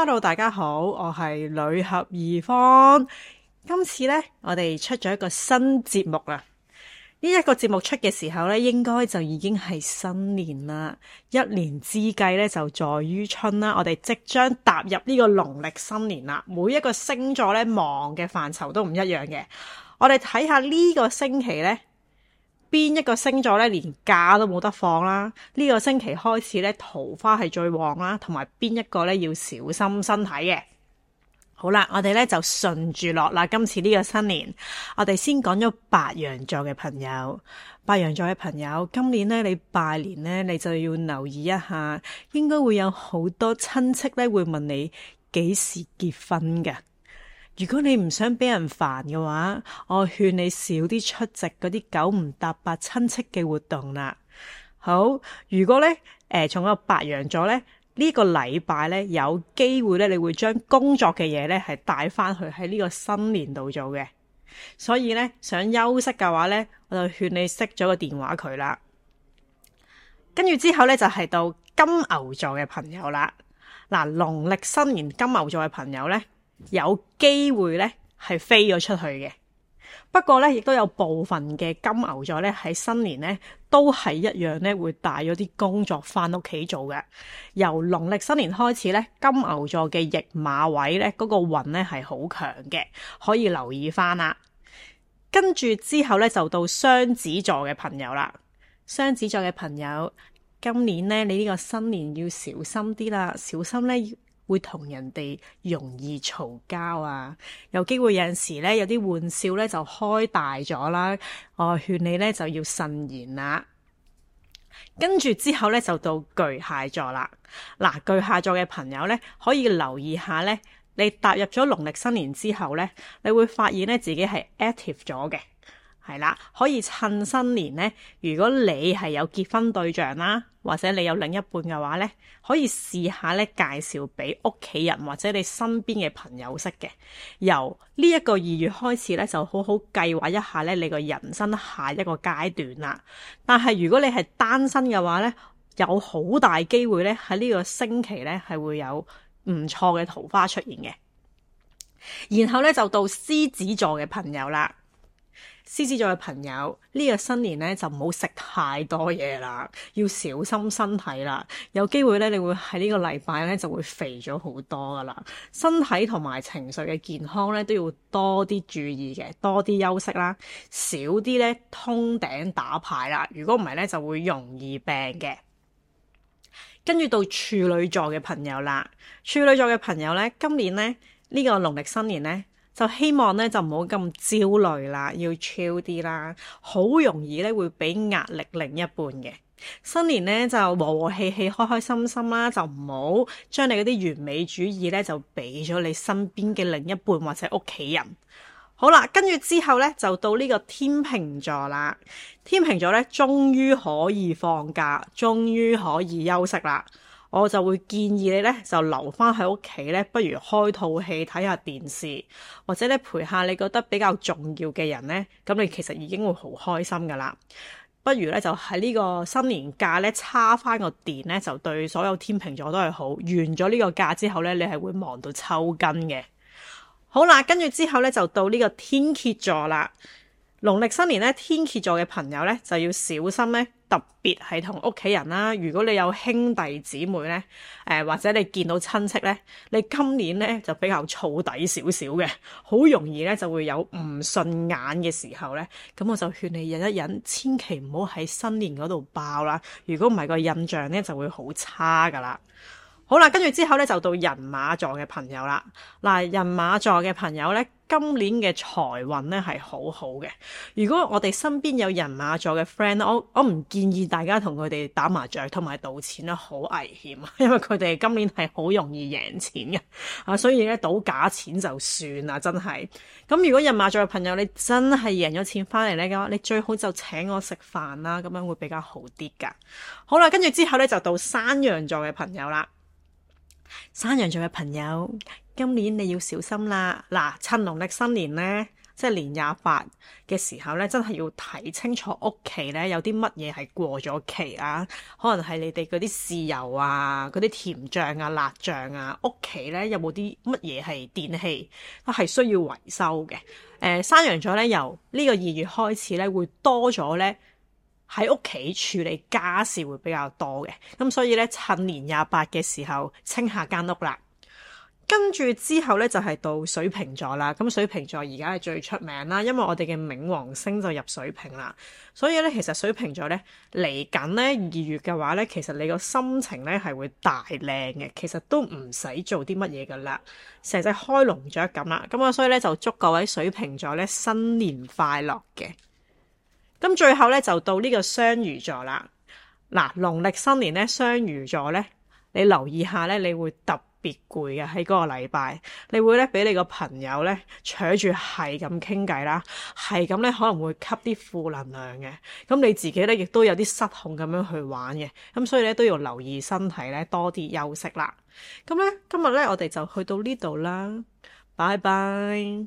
hello，大家好，我係女俠怡芳。今次呢，我哋出咗一個新節目啦。呢、這、一個節目出嘅時候呢，應該就已經係新年啦。一年之計呢，就在於春啦。我哋即將踏入呢個農曆新年啦。每一個星座呢，忙嘅範疇都唔一樣嘅。我哋睇下呢個星期呢。邊一個星座咧，連假都冇得放啦？呢個星期開始咧，桃花係最旺啦，同埋邊一個咧，要小心身體嘅。好啦，我哋咧就順住落啦。今次呢個新年，我哋先講咗白羊座嘅朋友。白羊座嘅朋友，今年咧，你拜年咧，你就要留意一下，應該會有好多親戚咧會問你幾時結婚嘅。如果你唔想俾人煩嘅話，我勸你少啲出席嗰啲九唔搭八親戚嘅活動啦。好，如果咧，誒、呃，從個白羊座咧，呢、這個禮拜咧有機會咧，你會將工作嘅嘢咧係帶翻去喺呢個新年度做嘅。所以咧，想休息嘅話咧，我就勸你熄咗個電話佢啦。跟住之後咧，就係、是、到金牛座嘅朋友啦。嗱，農曆新年金牛座嘅朋友咧。有機會咧係飛咗出去嘅，不過咧亦都有部分嘅金牛座咧喺新年咧都係一樣咧會帶咗啲工作翻屋企做嘅。由農曆新年開始咧，金牛座嘅驛馬位咧嗰個運咧係好強嘅，可以留意翻啦。跟住之後咧就到雙子座嘅朋友啦，雙子座嘅朋友今年咧你呢個新年要小心啲啦，小心咧，會同人哋容易嘈交啊！有機會有陣時咧，有啲玩笑咧就開大咗啦。我勸你咧就要慎言啦。跟住之後咧，就到巨蟹座啦。嗱，巨蟹座嘅朋友咧，可以留意下咧，你踏入咗農曆新年之後咧，你會發現咧自己係 active 咗嘅。係啦，可以趁新年呢。如果你係有結婚對象啦，或者你有另一半嘅話呢，可以試下咧介紹俾屋企人或者你身邊嘅朋友識嘅。由呢一個二月開始咧，就好好計劃一下咧你個人生下一個階段啦。但係如果你係單身嘅話呢，有好大機會咧喺呢個星期咧係會有唔錯嘅桃花出現嘅。然後咧就到獅子座嘅朋友啦。獅子座嘅朋友，呢個新年咧就唔好食太多嘢啦，要小心身體啦。有機會咧，你會喺呢個禮拜咧就會肥咗好多噶啦。身體同埋情緒嘅健康咧都要多啲注意嘅，多啲休息啦，少啲咧通頂打牌啦。如果唔係咧，就會容易病嘅。跟住到處女座嘅朋友啦，處女座嘅朋友咧，今年咧呢個農曆新年咧，就希望咧就唔好咁焦慮啦，要 chill 啲啦，好容易咧會俾壓力另一半嘅。新年咧就和和氣氣、開開心心啦，就唔好將你嗰啲完美主義咧就俾咗你身邊嘅另一半或者屋企人。好啦，跟住之後咧就到呢個天秤座啦，天秤座咧終於可以放假，終於可以休息啦。我就會建議你咧，就留翻喺屋企咧，不如開套戲睇下電視，或者咧陪下你覺得比較重要嘅人咧，咁你其實已經會好開心噶啦。不如咧就喺呢個新年假咧，叉翻個電咧，就對所有天秤座都係好。完咗呢個假之後咧，你係會忙到抽筋嘅。好啦，跟住之後咧就到呢個天蠍座啦。農曆新年咧，天蠍座嘅朋友咧就要小心咧，特別係同屋企人啦。如果你有兄弟姊妹咧，誒、呃、或者你見到親戚咧，你今年咧就比較燥底少少嘅，好容易咧就會有唔順眼嘅時候咧。咁我就勸你忍一忍，千祈唔好喺新年嗰度爆啦。如果唔係，個印象咧就會好差噶啦。好啦，跟住之後咧就到人馬座嘅朋友啦。嗱，人馬座嘅朋友咧，今年嘅財運咧係好好嘅。如果我哋身邊有人馬座嘅 friend 我我唔建議大家同佢哋打麻雀同埋賭錢啦，好危險。因為佢哋今年係好容易贏錢嘅啊，所以咧賭假錢就算啦，真係。咁如果人馬座嘅朋友你真係贏咗錢翻嚟咧，咁你最好就請我食飯啦，咁樣會比較好啲噶。好啦，跟住之後咧就到山羊座嘅朋友啦。山羊座嘅朋友，今年你要小心啦！嗱，趁農曆新年呢，即係年廿八嘅時候呢，真係要睇清楚屋企呢有啲乜嘢係過咗期啊！可能係你哋嗰啲豉油啊、嗰啲甜醬啊、辣醬啊，屋企呢有冇啲乜嘢係電器係需要維修嘅？誒、呃，山羊座呢，由呢個二月開始呢，會多咗呢。喺屋企處理家事會比較多嘅，咁所以咧趁年廿八嘅時候清下間屋啦。跟住之後咧就係到水瓶座啦，咁水瓶座而家係最出名啦，因為我哋嘅冥王星就入水瓶啦。所以咧其實水瓶座咧嚟緊咧二月嘅話咧，其實你個心情咧係會大靚嘅，其實都唔使做啲乜嘢噶啦，成隻開籠雀咁啦。咁啊所以咧就祝各位水瓶座咧新年快樂嘅。咁最後咧就到呢個雙魚座啦。嗱，農曆新年咧雙魚座咧，你留意下咧，你會特別攰嘅喺嗰個禮拜，你會咧俾你個朋友咧扯住係咁傾偈啦，係咁咧可能會吸啲負能量嘅。咁你自己咧亦都有啲失控咁樣去玩嘅，咁所以咧都要留意身體咧多啲休息啦。咁咧今日咧我哋就去到呢度啦，拜拜。